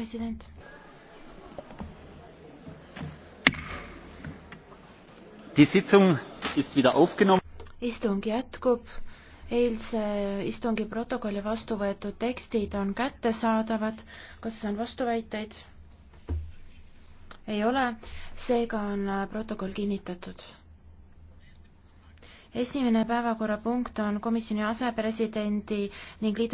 president. istung jätkub. eilse istungi protokolli vastu võetud tekstid on kättesaadavad. kas on vastuväiteid? ei ole, seega on äh, protokoll kinnitatud esimene päevakorrapunkt on komisjoni asepresidendi ning liidu